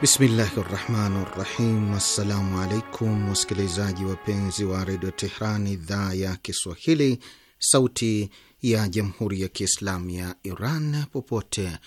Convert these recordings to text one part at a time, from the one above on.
Bismillahi rahmani rahim. Assalamu alaikum wasikilizaji wapenzi wa redio Tehran, idhaa ya Kiswahili, sauti ya Jamhuri ya Kiislamu ya Iran popote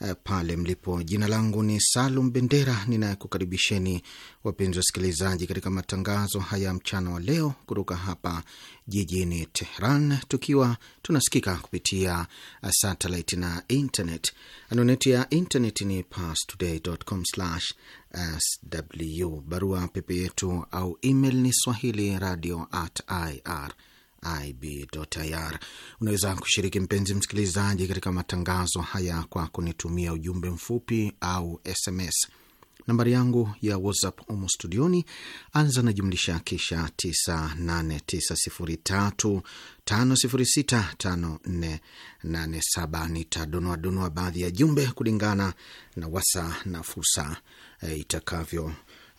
eh, pale mlipo. Jina langu ni Salum Bendera ninayekukaribisheni wapenzi wasikilizaji, katika matangazo haya mchana wa leo kutoka hapa jijini Tehran, tukiwa tunasikika kupitia eh, satellite na internet. Anwani ya internet ni parstoday.com/sw. Barua pepe yetu au email ni swahili radio at ir IB.ir. Unaweza kushiriki mpenzi msikilizaji, katika matangazo haya kwa kunitumia ujumbe mfupi au SMS. Nambari yangu ya WhatsApp umo studioni, anza na jumlisha kisha 989035065487. dunua baadhi ya jumbe kulingana na wasa na fursa eh, itakavyo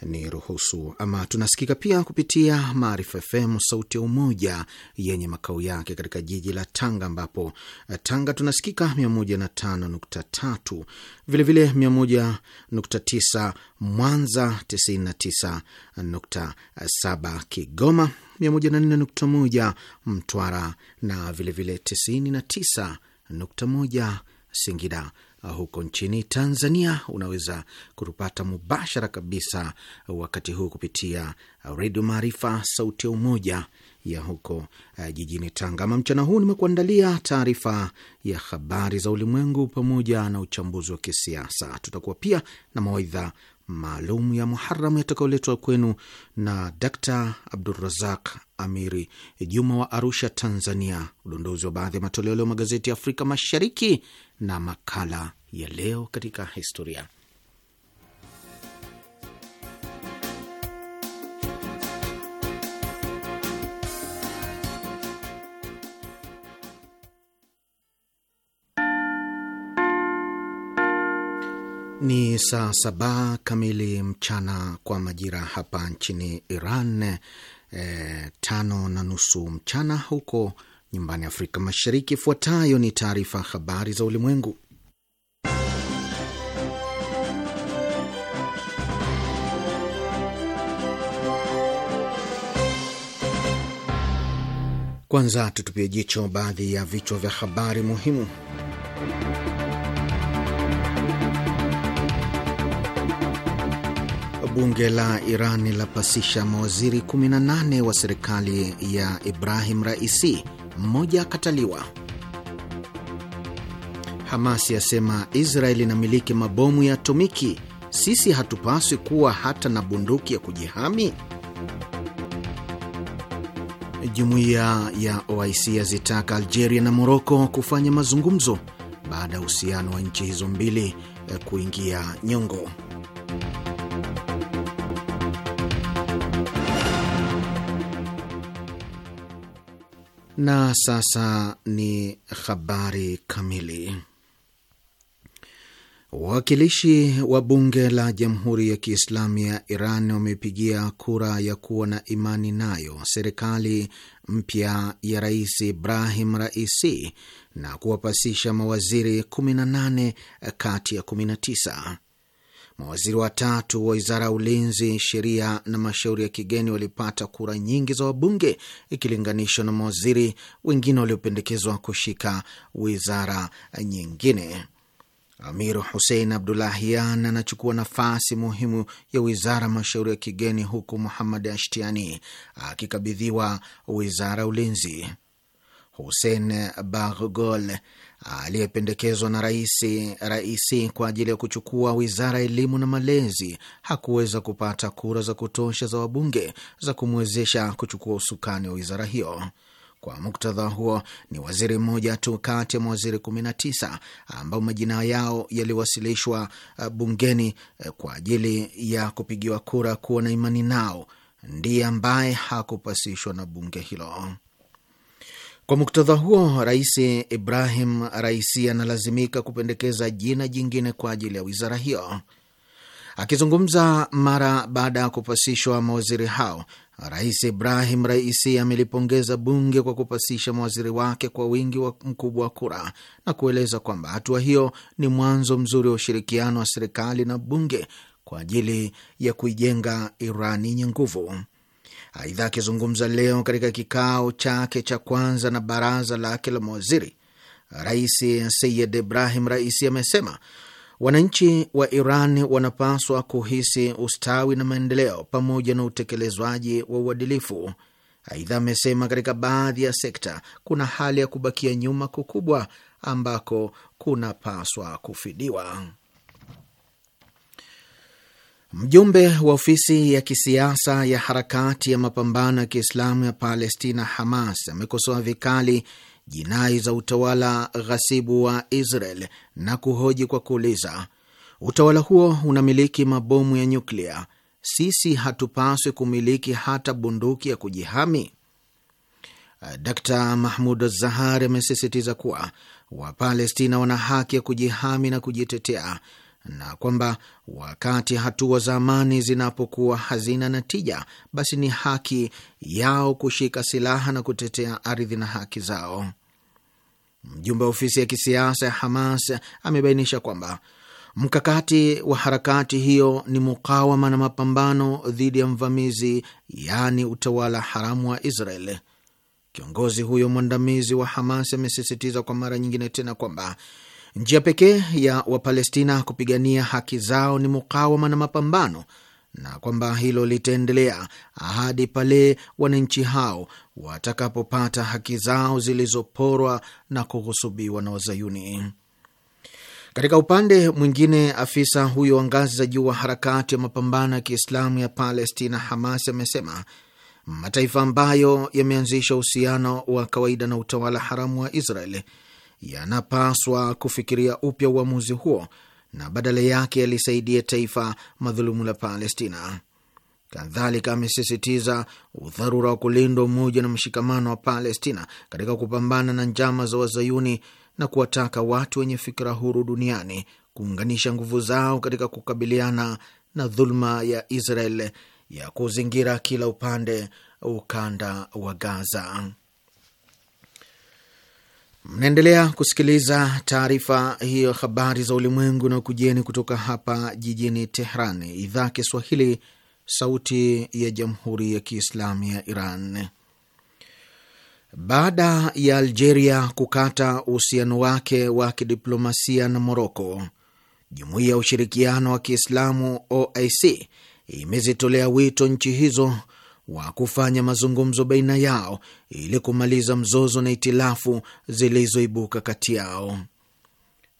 ni ruhusu. Ama tunasikika pia kupitia Maarifa FM sauti ya Umoja yenye makao yake katika jiji la Tanga, ambapo eh, Tanga tunasikika 105.3, vilevile 101.9 Mwanza, 99.7 Kigoma, 104.1 Mtwara na vilevile 99.1 Singida huko nchini Tanzania unaweza kutupata mubashara kabisa wakati huu kupitia Redio Maarifa, sauti ya Umoja ya huko uh, jijini Tanga. Ama mchana huu nimekuandalia taarifa ya habari za ulimwengu pamoja na uchambuzi wa kisiasa. Tutakuwa pia na mawaidha maalum ya Muharamu yatakayoletwa kwenu na Dr Abdurazak Amiri Juma wa Arusha, Tanzania, udondozi wa baadhi ya matoleo leo magazeti ya Afrika Mashariki na makala ya leo katika historia. Ni saa saba kamili mchana kwa majira hapa nchini Iran, e, tano na nusu mchana huko nyumbani Afrika Mashariki. Ifuatayo ni taarifa habari za ulimwengu, kwanza tutupie jicho baadhi ya vichwa vya habari muhimu. Bunge la Iran lapasisha mawaziri 18 wa serikali ya Ibrahim Raisi mmoja akataliwa. Hamas yasema Israeli inamiliki mabomu ya atomiki, sisi hatupaswi kuwa hata na bunduki ya kujihami. Jumuiya ya OIC yazitaka Algeria na Moroko kufanya mazungumzo baada ya uhusiano wa nchi hizo mbili kuingia nyongo. Na sasa ni habari kamili. Wawakilishi wa bunge la Jamhuri ya Kiislamu ya Iran wamepigia kura ya kuwa na imani nayo serikali mpya ya Rais Ibrahim Raisi na kuwapasisha mawaziri 18 kati ya 19. Mawaziri watatu wa wizara ya ulinzi, sheria na mashauri ya kigeni walipata kura nyingi za wabunge ikilinganishwa na mawaziri wengine waliopendekezwa kushika wizara nyingine. Amir Hussein Abdulahian anachukua nafasi muhimu ya wizara mashauri ya kigeni huku Muhammad Ashtiani akikabidhiwa wizara ya ulinzi. Hussein Bargol aliyependekezwa na raisi, raisi kwa ajili ya kuchukua wizara ya elimu na malezi hakuweza kupata kura za kutosha za wabunge za kumwezesha kuchukua usukani wa wizara hiyo. Kwa muktadha huo ni waziri mmoja tu kati ya mawaziri 19 ambao majina yao yaliwasilishwa eh, bungeni eh, kwa ajili ya kupigiwa kura kuwa na imani nao ndiye ambaye hakupasishwa na bunge hilo. Kwa muktadha huo, Rais Ibrahim Raisi analazimika kupendekeza jina jingine kwa ajili ya wizara hiyo. Akizungumza mara baada ya kupasishwa mawaziri hao, Rais Ibrahim Raisi amelipongeza bunge kwa kupasisha mawaziri wake kwa wingi wa mkubwa wa kura na kueleza kwamba hatua hiyo ni mwanzo mzuri wa ushirikiano wa serikali na bunge kwa ajili ya kuijenga Iran yenye nguvu. Aidha, akizungumza leo katika kikao chake cha kwanza na baraza lake la mawaziri, Rais Sayid Ibrahim Raisi amesema wananchi wa Iran wanapaswa kuhisi ustawi na maendeleo pamoja na utekelezwaji wa uadilifu. Aidha, amesema katika baadhi ya sekta kuna hali ya kubakia nyuma kukubwa ambako kunapaswa kufidiwa. Mjumbe wa ofisi ya kisiasa ya harakati ya mapambano ya Kiislamu ya Palestina, Hamas, amekosoa vikali jinai za utawala ghasibu wa Israel na kuhoji kwa kuuliza, utawala huo unamiliki mabomu ya nyuklia, sisi hatupaswi kumiliki hata bunduki ya kujihami? d Mahmud Zahari amesisitiza kuwa Wapalestina wana haki ya kujihami na kujitetea na kwamba wakati hatua za amani zinapokuwa hazina na tija, basi ni haki yao kushika silaha na kutetea ardhi na haki zao. Mjumbe wa ofisi ya kisiasa ya Hamas amebainisha kwamba mkakati wa harakati hiyo ni mukawama na mapambano dhidi ya mvamizi, yaani utawala haramu wa Israel. Kiongozi huyo mwandamizi wa Hamas amesisitiza kwa mara nyingine tena kwamba Njia pekee ya Wapalestina kupigania haki zao ni mukawama na mapambano, na kwamba hilo litaendelea hadi pale wananchi hao watakapopata haki zao zilizoporwa na kughusubiwa na Wazayuni. Katika upande mwingine, afisa huyo wa ngazi za juu wa harakati ya mapambano ya Kiislamu ya Palestina, Hamas, amesema mataifa ambayo yameanzisha uhusiano wa kawaida na utawala haramu wa Israeli yanapaswa kufikiria upya uamuzi huo na badala yake yalisaidia taifa madhulumu la Palestina. Kadhalika amesisitiza udharura wa kulindwa umoja na mshikamano wa Palestina katika kupambana na njama za Wazayuni na kuwataka watu wenye fikira huru duniani kuunganisha nguvu zao katika kukabiliana na dhuluma ya Israel ya kuzingira kila upande ukanda wa Gaza. Mnaendelea kusikiliza taarifa hiyo habari za ulimwengu na kujieni kutoka hapa jijini Tehran, idhaa Kiswahili, sauti ya jamhuri ya kiislamu ya Iran. Baada ya Algeria kukata uhusiano wake wa kidiplomasia na Moroko, jumuiya ya ushirikiano wa Kiislamu OIC imezitolea wito nchi hizo wa kufanya mazungumzo baina yao ili kumaliza mzozo na itilafu zilizoibuka kati yao.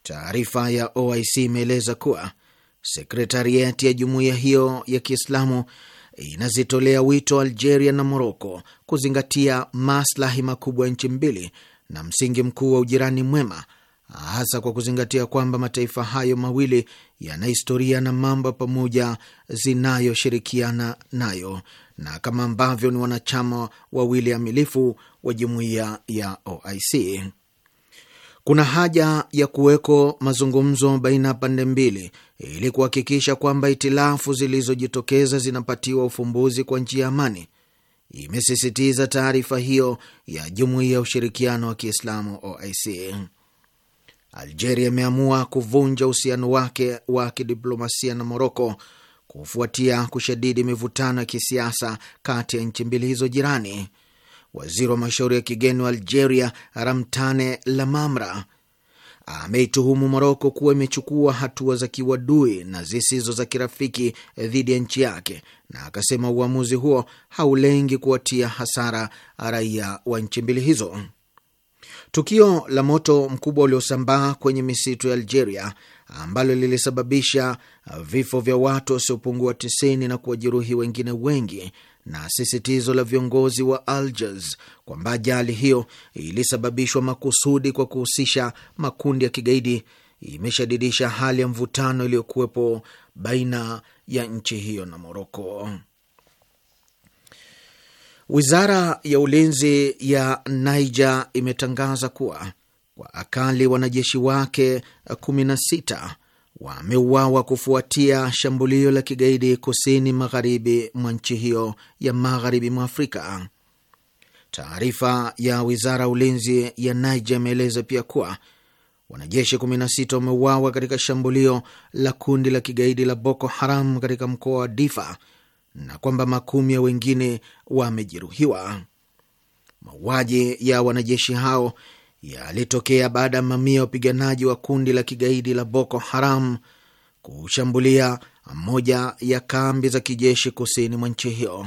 Taarifa ya OIC imeeleza kuwa sekretariati ya jumuiya hiyo ya Kiislamu inazitolea wito Algeria na Moroko kuzingatia maslahi makubwa ya nchi mbili na msingi mkuu wa ujirani mwema, hasa kwa kuzingatia kwamba mataifa hayo mawili yana historia na mambo pamoja zinayoshirikiana nayo na kama ambavyo ni wanachama wawili amilifu wa jumuiya ya OIC. Kuna haja ya kuweko mazungumzo baina ya pande mbili ili kuhakikisha kwamba itilafu zilizojitokeza zinapatiwa ufumbuzi kwa njia ya amani, imesisitiza taarifa hiyo ya jumuiya ya ushirikiano wa Kiislamu OIC. Algeria imeamua kuvunja uhusiano wake wa kidiplomasia na Moroko kufuatia kushadidi mivutano ya kisiasa kati ya nchi mbili hizo jirani. Waziri wa mashauri ya kigeni wa Algeria Ramtane Lamamra ameituhumu Moroko kuwa imechukua hatua za kiwadui na zisizo za kirafiki dhidi ya nchi yake, na akasema uamuzi huo haulengi kuwatia hasara raia wa nchi mbili hizo. Tukio la moto mkubwa uliosambaa kwenye misitu ya Algeria ambalo lilisababisha vifo vya watu wasiopungua tisini na kuwajeruhi wengine wengi, na sisitizo la viongozi wa Algiers kwamba ajali hiyo ilisababishwa makusudi kwa kuhusisha makundi ya kigaidi imeshadidisha hali ya mvutano iliyokuwepo baina ya nchi hiyo na Moroko. Wizara ya ulinzi ya Niger imetangaza kuwa waakali wanajeshi wake 16 wameuawa kufuatia shambulio la kigaidi kusini magharibi mwa nchi hiyo ya magharibi mwa Afrika. Taarifa ya wizara ya ulinzi ya Niger imeeleza pia kuwa wanajeshi 16 wameuawa katika shambulio la kundi la kigaidi la Boko Haram katika mkoa wa Difa na kwamba makumi ya wengine wamejeruhiwa. Mauaji ya wanajeshi hao yalitokea baada ya mamia ya wapiganaji wa kundi la kigaidi la Boko Haram kushambulia moja ya kambi za kijeshi kusini mwa nchi hiyo.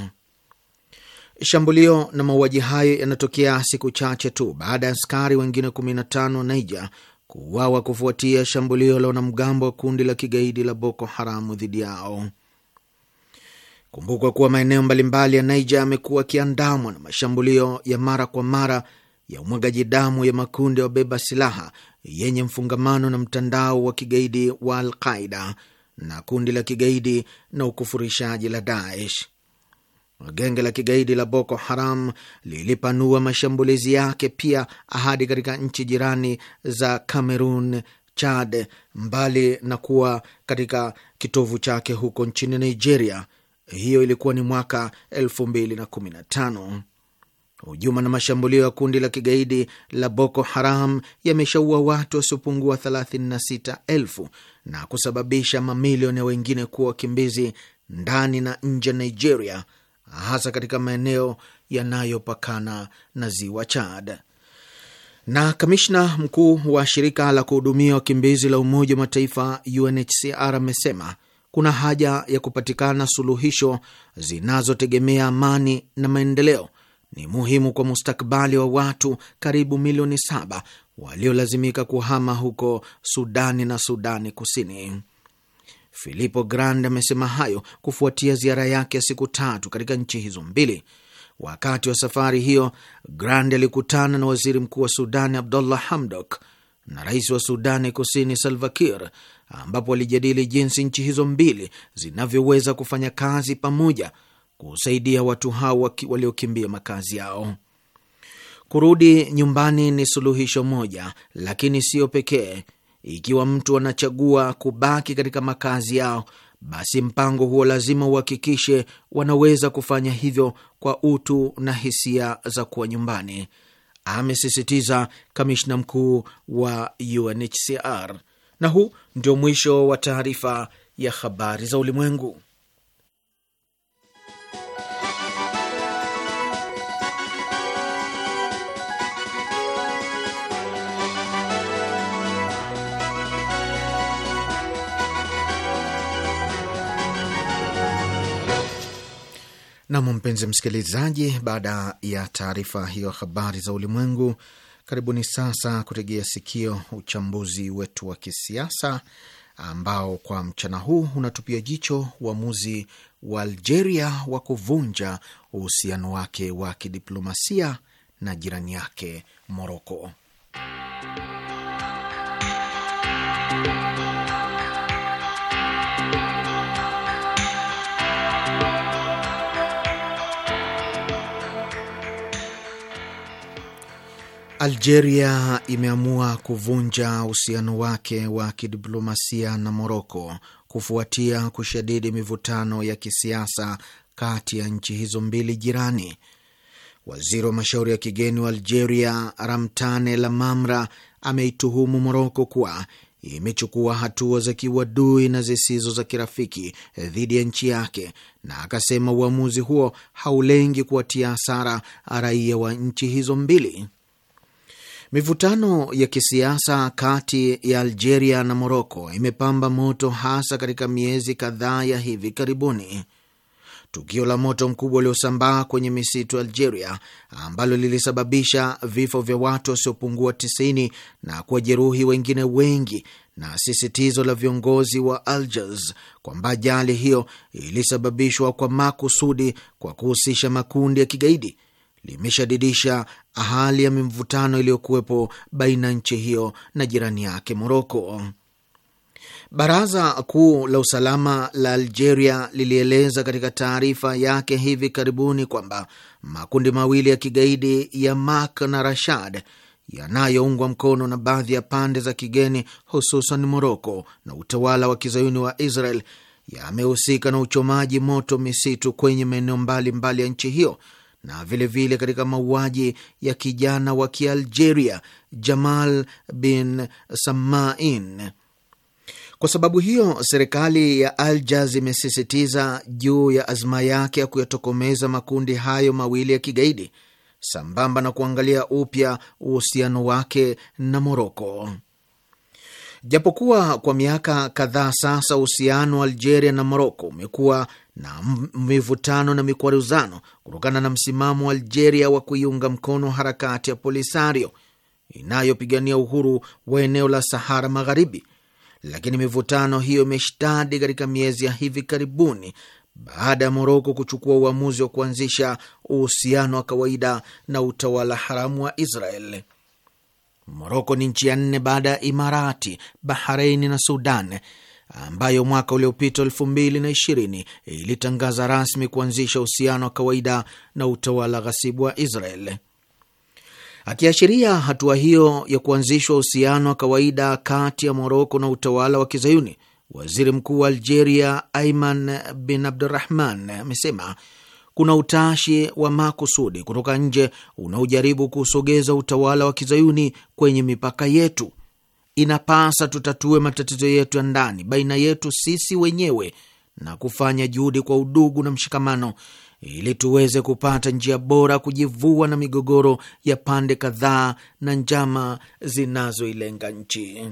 Shambulio na mauaji hayo yanatokea siku chache tu baada ya askari wengine 15 wa Naija kuuawa kufuatia shambulio la wanamgambo wa kundi la kigaidi la Boko Haramu dhidi yao. Kumbukwa kuwa maeneo mbalimbali ya Niger yamekuwa yakiandamwa na mashambulio ya mara kwa mara ya umwagaji damu ya makundi ya wabeba silaha yenye mfungamano na mtandao wa kigaidi wa Alqaida na kundi la kigaidi na ukufurishaji la Daesh. Genge la kigaidi la Boko Haram lilipanua mashambulizi yake pia hadi katika nchi jirani za Cameroon, Chad, mbali na kuwa katika kitovu chake huko nchini Nigeria. Hiyo ilikuwa ni mwaka elfu mbili na kumi na tano. Hujuma na mashambulio ya kundi la kigaidi la Boko Haram yameshaua watu wasiopungua 36,000 na kusababisha mamilioni ya wengine kuwa wakimbizi ndani na nje ya Nigeria, hasa katika maeneo yanayopakana na ziwa Chad. Na kamishna mkuu wa shirika la kuhudumia wakimbizi la Umoja wa Mataifa UNHCR amesema kuna haja ya kupatikana suluhisho zinazotegemea amani na maendeleo ni muhimu kwa mustakabali wa watu karibu milioni saba waliolazimika kuhama huko Sudani na Sudani Kusini. Filipo Grandi amesema hayo kufuatia ziara yake ya siku tatu katika nchi hizo mbili. Wakati wa safari hiyo, Grandi alikutana na waziri mkuu wa Sudani Abdullah Hamdok na rais wa Sudani Kusini Salva Kiir, ambapo walijadili jinsi nchi hizo mbili zinavyoweza kufanya kazi pamoja kusaidia watu hao waliokimbia makazi yao. Kurudi nyumbani ni suluhisho moja, lakini siyo pekee. Ikiwa mtu anachagua kubaki katika makazi yao, basi mpango huo lazima uhakikishe wanaweza kufanya hivyo kwa utu na hisia za kuwa nyumbani, amesisitiza kamishna mkuu wa UNHCR. Na huu ndio mwisho wa taarifa ya habari za ulimwengu. Nam, mpenzi msikilizaji, baada ya taarifa hiyo habari za ulimwengu, karibuni sasa kutegea sikio uchambuzi wetu wa kisiasa ambao kwa mchana huu unatupia jicho uamuzi wa Algeria wa kuvunja uhusiano wake wa kidiplomasia na jirani yake Moroko. Algeria imeamua kuvunja uhusiano wake wa kidiplomasia na Moroko kufuatia kushadidi mivutano ya kisiasa kati ya nchi hizo mbili jirani. Waziri wa mashauri ya kigeni wa Algeria Ramtane Lamamra ameituhumu Moroko kuwa imechukua hatua za kiuadui na zisizo za kirafiki dhidi ya nchi yake, na akasema uamuzi huo haulengi kuwatia hasara raia wa nchi hizo mbili. Mivutano ya kisiasa kati ya Algeria na Moroko imepamba moto hasa katika miezi kadhaa ya hivi karibuni. Tukio la moto mkubwa uliosambaa kwenye misitu Algeria, ambalo lilisababisha vifo vya watu wasiopungua 90 na kuwajeruhi wengine wengi, na sisitizo la viongozi wa Algiers kwamba ajali hiyo ilisababishwa kwa makusudi kwa kuhusisha makundi ya kigaidi limeshadidisha hali ya mivutano iliyokuwepo baina ya nchi hiyo na jirani yake Moroko. Baraza Kuu la Usalama la Algeria lilieleza katika taarifa yake hivi karibuni kwamba makundi mawili ya kigaidi ya Mak na Rashad yanayoungwa mkono na baadhi ya pande za kigeni hususan Moroko na utawala wa kizayuni wa Israel yamehusika na uchomaji moto misitu kwenye maeneo mbalimbali ya nchi hiyo na vilevile vile katika mauaji ya kijana wa Kialgeria Jamal bin Samain. Kwa sababu hiyo, serikali ya Aljaz imesisitiza juu ya azma yake ya kuyatokomeza makundi hayo mawili ya kigaidi sambamba na kuangalia upya uhusiano wake na Moroko. Japokuwa kwa miaka kadhaa sasa uhusiano wa Algeria na Moroko umekuwa na mivutano na mikwaruzano kutokana na msimamo wa Algeria wa kuiunga mkono harakati ya Polisario inayopigania uhuru wa eneo la Sahara Magharibi, lakini mivutano hiyo imeshtadi katika miezi ya hivi karibuni baada ya Moroko kuchukua uamuzi wa kuanzisha uhusiano wa kawaida na utawala haramu wa Israel. Moroko ni nchi ya nne baada ya Imarati, Bahreini na Sudan, ambayo mwaka uliopita elfu mbili na ishirini ilitangaza rasmi kuanzisha uhusiano wa kawaida na utawala ghasibu wa Israel. Akiashiria hatua hiyo ya kuanzishwa uhusiano wa kawaida kati ya Moroko na utawala wa Kizayuni, waziri mkuu wa Algeria Aiman Bin Abdurahman amesema kuna utashi wa makusudi kutoka nje unaojaribu kusogeza utawala wa kizayuni kwenye mipaka yetu. Inapasa tutatue matatizo yetu ya ndani baina yetu sisi wenyewe na kufanya juhudi kwa udugu na mshikamano ili tuweze kupata njia bora kujivua na migogoro ya pande kadhaa na njama zinazoilenga nchi.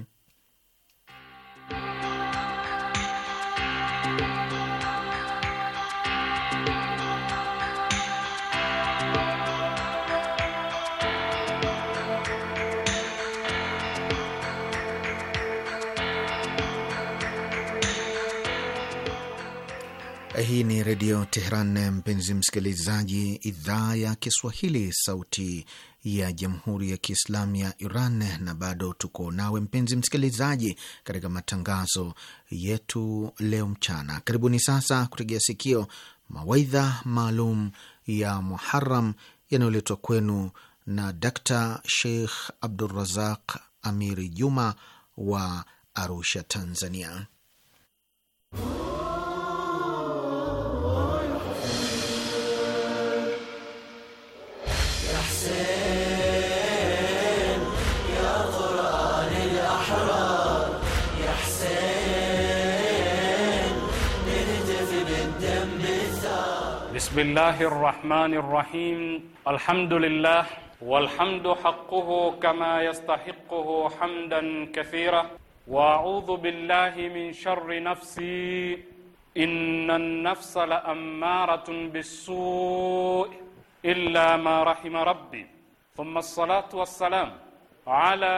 Hii ni Redio Teheran, mpenzi msikilizaji, idhaa ya Kiswahili, sauti ya Jamhuri ya Kiislamu ya Iran. Na bado tuko nawe mpenzi msikilizaji, katika matangazo yetu leo mchana. Karibuni sasa kutegea sikio mawaidha maalum ya Muharam yanayoletwa kwenu na Dr Sheikh Abdurazaq Amiri Juma wa Arusha, Tanzania. بسم الله الرحمن الرحيم الحمد لله والحمد حقه كما يستحقه حمدا كثيرا واعوذ بالله من شر نفسي ان النفس لاماره بالسوء الا ما رحم ربي ثم الصلاه والسلام على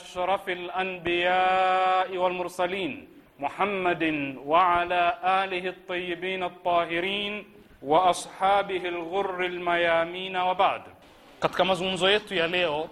اشرف الانبياء والمرسلين محمد وعلى اله الطيبين الطاهرين wa ashabihi lghurri lmayamina wa baad. Katika mazungumzo yetu ya leo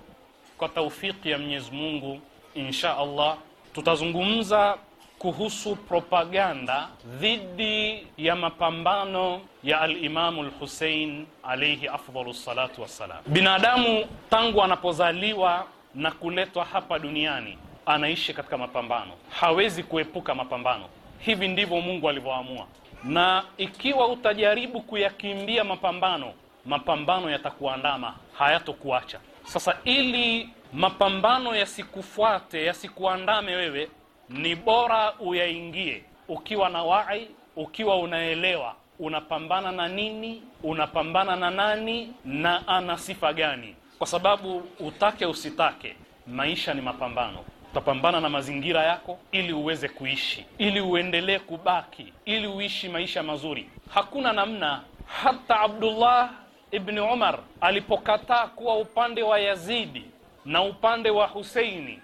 kwa taufiki ya Mwenyezi Mungu insha Allah tutazungumza kuhusu propaganda dhidi ya mapambano ya alimamu Lhusein alaihi afdalu salatu wassalam. Binadamu tangu anapozaliwa na kuletwa hapa duniani anaishi katika mapambano, hawezi kuepuka mapambano. Hivi ndivyo Mungu alivyoamua na ikiwa utajaribu kuyakimbia mapambano, mapambano yatakuandama, hayatokuacha. Sasa ili mapambano yasikufuate, yasikuandame wewe, ni bora uyaingie ukiwa na wai, ukiwa unaelewa unapambana na nini, unapambana na nani na ana sifa gani, kwa sababu utake usitake, maisha ni mapambano utapambana na mazingira yako ili uweze kuishi, ili uendelee kubaki, ili uishi maisha mazuri. Hakuna namna. Hata Abdullah ibni Umar alipokataa kuwa upande wa Yazidi na upande wa Huseini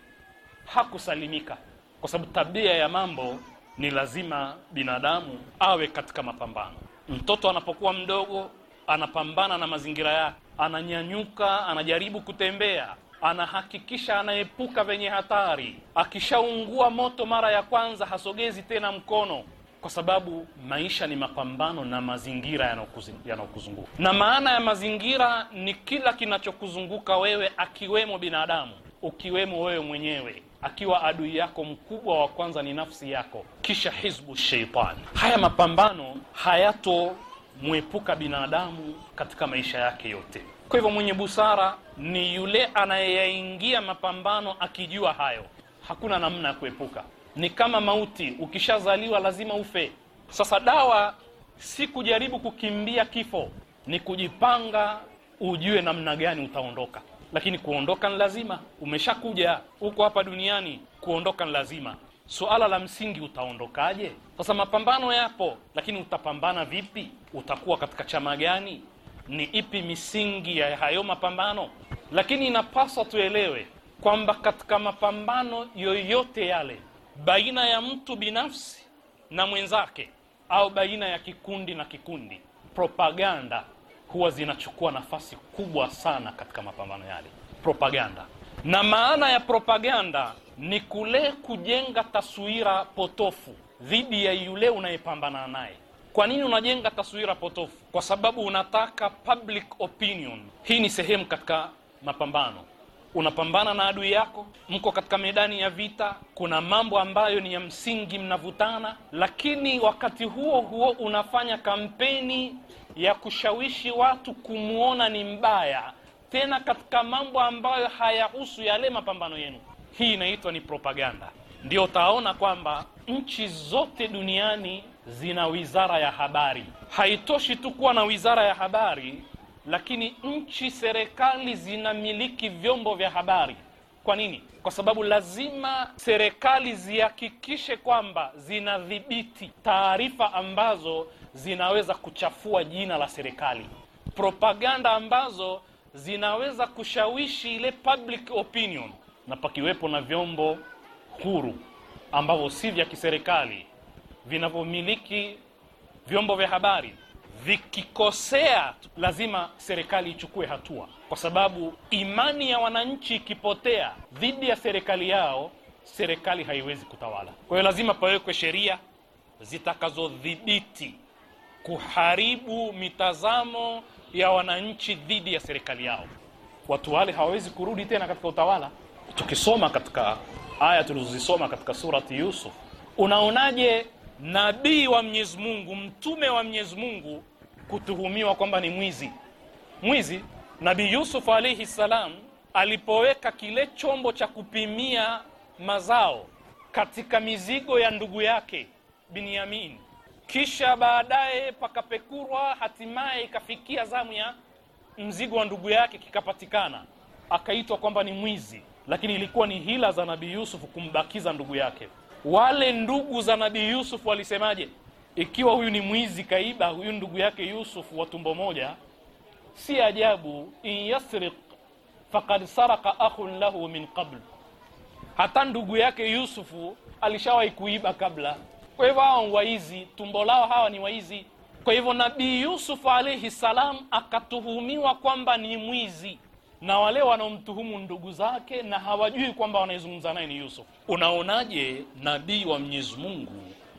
hakusalimika, kwa sababu tabia ya mambo ni lazima binadamu awe katika mapambano. Mtoto anapokuwa mdogo anapambana na mazingira yake, ananyanyuka, anajaribu kutembea anahakikisha anaepuka venye hatari. Akishaungua moto mara ya kwanza, hasogezi tena mkono, kwa sababu maisha ni mapambano na mazingira yanayokuzunguka. Na maana ya mazingira ni kila kinachokuzunguka wewe, akiwemo binadamu, ukiwemo wewe mwenyewe, akiwa adui yako mkubwa wa kwanza ni nafsi yako, kisha hizbu sheitani. Haya mapambano hayatomwepuka binadamu katika maisha yake yote. Kwa hivyo mwenye busara ni yule anayeyaingia mapambano akijua hayo, hakuna namna ya kuepuka. Ni kama mauti, ukishazaliwa lazima ufe. Sasa dawa si kujaribu kukimbia kifo, ni kujipanga, ujue namna gani utaondoka. Lakini kuondoka ni lazima, umeshakuja huko hapa duniani, kuondoka ni lazima. Suala la msingi utaondokaje? Sasa mapambano yapo, lakini utapambana vipi? Utakuwa katika chama gani? ni ipi misingi ya hayo mapambano, lakini inapaswa tuelewe kwamba katika mapambano yoyote yale baina ya mtu binafsi na mwenzake au baina ya kikundi na kikundi, propaganda huwa zinachukua nafasi kubwa sana katika mapambano yale. Propaganda na maana ya propaganda ni kule kujenga taswira potofu dhidi ya yule unayepambana naye. Kwa nini unajenga taswira potofu? Kwa sababu unataka public opinion. Hii ni sehemu katika mapambano. Unapambana na adui yako, mko katika medani ya vita, kuna mambo ambayo ni ya msingi, mnavutana, lakini wakati huo huo unafanya kampeni ya kushawishi watu kumwona ni mbaya, tena katika mambo ambayo hayahusu yale mapambano yenu. Hii inaitwa ni propaganda. Ndio utaona kwamba nchi zote duniani zina wizara ya habari. Haitoshi tu kuwa na wizara ya habari, lakini nchi, serikali zinamiliki vyombo vya habari. Kwa nini? Kwa sababu lazima serikali zihakikishe kwamba zinadhibiti taarifa ambazo zinaweza kuchafua jina la serikali, propaganda ambazo zinaweza kushawishi ile public opinion, na pakiwepo na vyombo huru ambavyo si vya kiserikali vinavyomiliki vyombo vya habari vikikosea, lazima serikali ichukue hatua, kwa sababu imani ya wananchi ikipotea dhidi ya serikali yao, serikali haiwezi kutawala. Kwa hiyo lazima pawekwe sheria zitakazodhibiti kuharibu mitazamo ya wananchi dhidi ya serikali yao. Watu wale hawawezi kurudi tena katika utawala. Tukisoma katika aya tulizozisoma katika surati Yusuf, unaonaje nabii wa Mwenyezi Mungu, mtume wa Mwenyezi Mungu kutuhumiwa kwamba ni mwizi. Mwizi Nabii Yusuf alaihi salam alipoweka kile chombo cha kupimia mazao katika mizigo ya ndugu yake Binyamin, kisha baadaye pakapekurwa, hatimaye ikafikia zamu ya mzigo wa ndugu yake kikapatikana, akaitwa kwamba ni mwizi, lakini ilikuwa ni hila za Nabii Yusuf kumbakiza ndugu yake wale ndugu za nabii Yusuf walisemaje? Ikiwa huyu ni mwizi kaiba, huyu ndugu yake Yusuf wa tumbo moja, si ajabu. in yasriq faqad saraka akhun lahu min qabl, hata ndugu yake Yusufu alishawahi kuiba kabla. Kwa hivyo hawa waizi, tumbo lao hawa ni waizi. Kwa hivyo nabii Yusuf alaihi salam akatuhumiwa kwamba ni mwizi na wale wanaomtuhumu ndugu zake na hawajui kwamba wanaezungumza naye ni Yusuf. Unaonaje nabii wa Mwenyezi Mungu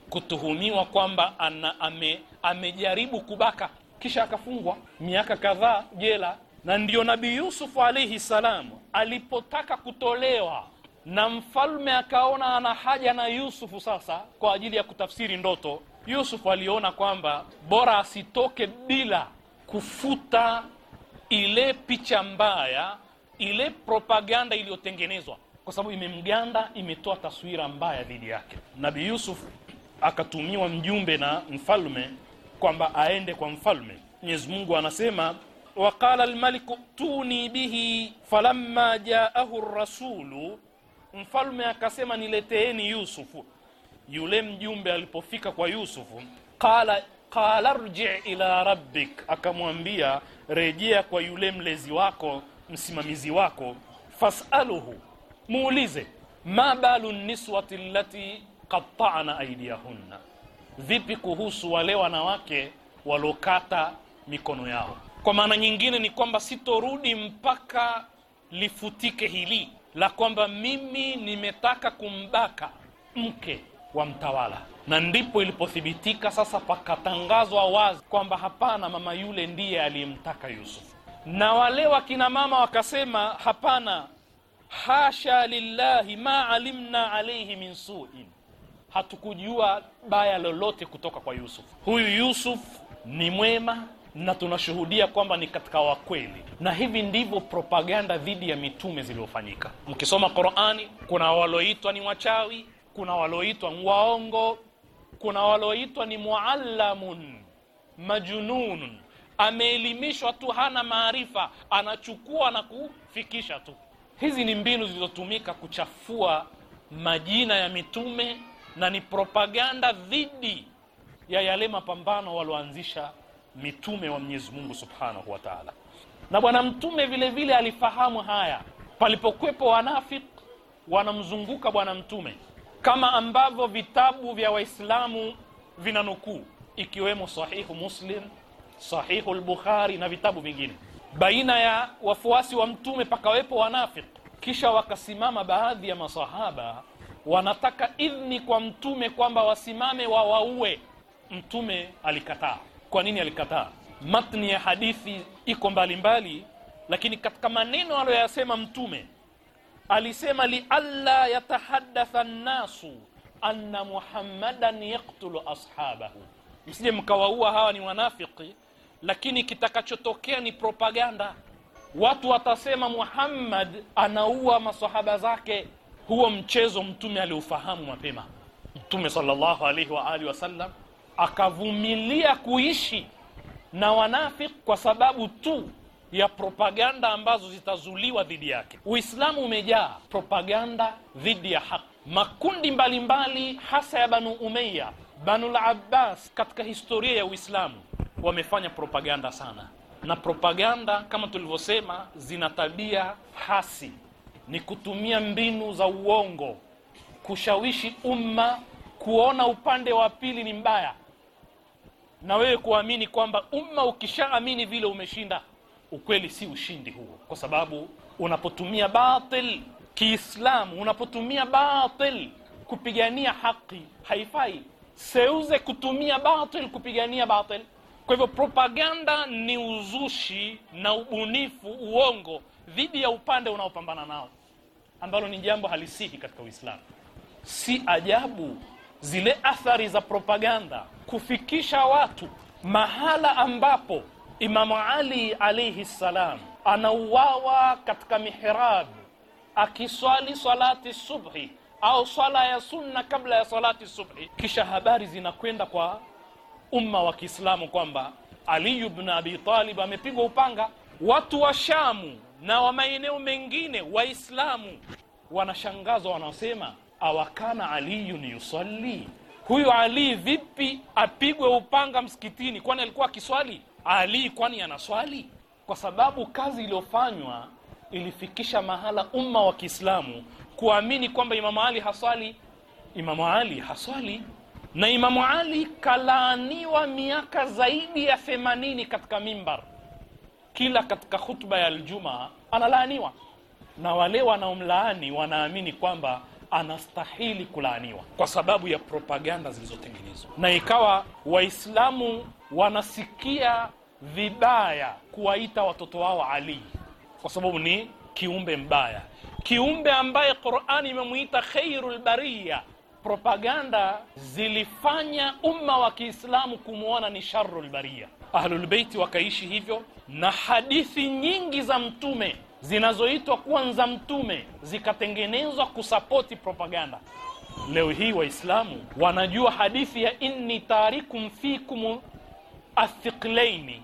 kutuhumiwa kwamba ana, ame, amejaribu kubaka kisha akafungwa miaka kadhaa jela? Na ndiyo nabii Yusuf alaihi salam alipotaka kutolewa na mfalme akaona ana haja na Yusufu sasa kwa ajili ya kutafsiri ndoto. Yusufu aliona kwamba bora asitoke bila kufuta ile picha mbaya, ile propaganda iliyotengenezwa, kwa sababu imemganda, imetoa taswira mbaya dhidi yake. Nabii Yusuf akatumiwa mjumbe na mfalme kwamba aende kwa mfalme. Mwenyezi Mungu anasema waqala almaliku tuni bihi falamma jaahu rasulu, mfalme akasema nileteeni Yusufu. Yule mjumbe alipofika kwa Yusufu qala qala rji ila rabbik akamwambia rejea kwa yule mlezi wako msimamizi wako fasaluhu muulize ma balu niswati allati qatta'na aydiyahunna vipi kuhusu wale wanawake walokata mikono yao kwa maana nyingine ni kwamba sitorudi mpaka lifutike hili la kwamba mimi nimetaka kumbaka mke wa mtawala na ndipo ilipothibitika sasa, pakatangazwa wazi kwamba hapana, mama yule ndiye aliyemtaka Yusuf. Na wale wakina mama wakasema hapana, hasha lillahi ma alimna alaihi min suin, hatukujua baya lolote kutoka kwa Yusuf. Huyu Yusuf ni mwema na tunashuhudia kwamba ni katika wakweli, na hivi ndivyo propaganda dhidi ya mitume zilizofanyika. Mkisoma Qurani kuna waloitwa ni wachawi, kuna waloitwa waongo kuna waloitwa ni muallamun majunun, ameelimishwa tu hana maarifa anachukua na kufikisha tu hizi ni mbinu zilizotumika kuchafua majina ya mitume na ni propaganda dhidi ya yale mapambano walioanzisha mitume wa Mwenyezi Mungu Subhanahu wa Ta'ala. Na bwana mtume vile vile alifahamu haya. Palipokwepo wanafik wanamzunguka bwana mtume kama ambavyo vitabu vya Waislamu vinanukuu ikiwemo Sahihu Muslim, Sahihu lbukhari na vitabu vingine. Baina ya wafuasi wa Mtume pakawepo wanafik kisha wakasimama baadhi ya masahaba wanataka idhni kwa Mtume kwamba wasimame wawaue. Mtume alikataa. Kwa nini alikataa? Matni ya hadithi iko mbalimbali, lakini katika maneno aliyoyasema Mtume alisema lialla yatahadatha nnasu anna muhammadan yaktulu ashabahu msije mkawaua hawa ni wanafiki lakini kitakachotokea ni propaganda watu watasema muhammad anaua masahaba zake huo mchezo mtume aliufahamu mapema mtume salllahu alaihi wa alihi wasallam akavumilia kuishi na wanafik kwa sababu tu ya propaganda ambazo zitazuliwa dhidi yake. Uislamu umejaa propaganda dhidi ya haki. Makundi mbalimbali mbali, hasa ya Banu Umeya, Banul Abbas, katika historia ya Uislamu wamefanya propaganda sana, na propaganda kama tulivyosema, zina tabia hasi, ni kutumia mbinu za uongo kushawishi umma kuona upande wa pili ni mbaya, na wewe kuamini kwamba umma ukishaamini vile umeshinda ukweli si ushindi huo, kwa sababu unapotumia batil Kiislamu, unapotumia batil kupigania haki haifai. Seuze kutumia batil kupigania batil. Kwa hivyo propaganda ni uzushi na ubunifu uongo dhidi ya upande unaopambana nao, ambalo ni jambo halisihi katika Uislamu. Si ajabu zile athari za propaganda kufikisha watu mahala ambapo Imamu Ali alayhi salam anauawa katika mihrab akiswali salati subhi au swala ya sunna kabla ya salati subhi. Kisha habari zinakwenda kwa umma wa Kiislamu kwamba Ali ibn Abi Talib amepigwa upanga. Watu wa Shamu na wa maeneo mengine Waislamu wanashangazwa, wanasema awakana aliyun yusalli, huyu Ali vipi apigwe upanga msikitini? Kwani alikuwa akiswali? Ali kwani anaswali? Kwa sababu kazi iliyofanywa ilifikisha mahala umma wa Kiislamu kuamini kwamba Imamu Ali haswali. Imamu Ali haswali, na Imamu Ali kalaaniwa miaka zaidi ya themanini katika mimbar, kila katika khutba ya aljuma analaaniwa, na wale wanaomlaani wanaamini kwamba anastahili kulaaniwa kwa sababu ya propaganda zilizotengenezwa, na ikawa Waislamu wanasikia vibaya kuwaita watoto wao Ali kwa sababu ni kiumbe mbaya, kiumbe ambaye Qur'ani imemwita khairul bariya. Propaganda zilifanya umma wa Kiislamu kumwona ni sharrul bariya. Ahlul wakaishi hivyo, na hadithi nyingi za Mtume zinazoitwa kuwa za Mtume zikatengenezwa kusapoti propaganda. Leo hii Waislamu wanajua hadithi ya inni tarikum fikum athiqlaini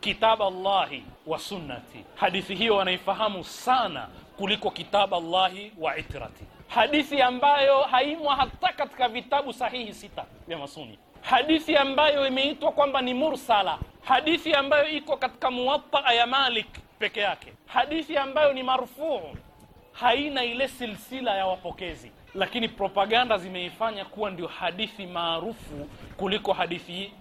kitab Allahi wa sunnati. Hadithi hiyo wanaifahamu sana kuliko kitab Allahi wa itrati, hadithi ambayo haimwa hata katika vitabu sahihi sita vya Masuni, hadithi ambayo imeitwa kwamba ni mursala, hadithi ambayo iko katika muwataa ya Malik peke yake, hadithi ambayo ni marfuu, haina ile silsila ya wapokezi lakini propaganda zimeifanya kuwa ndio hadithi maarufu kuliko hadithi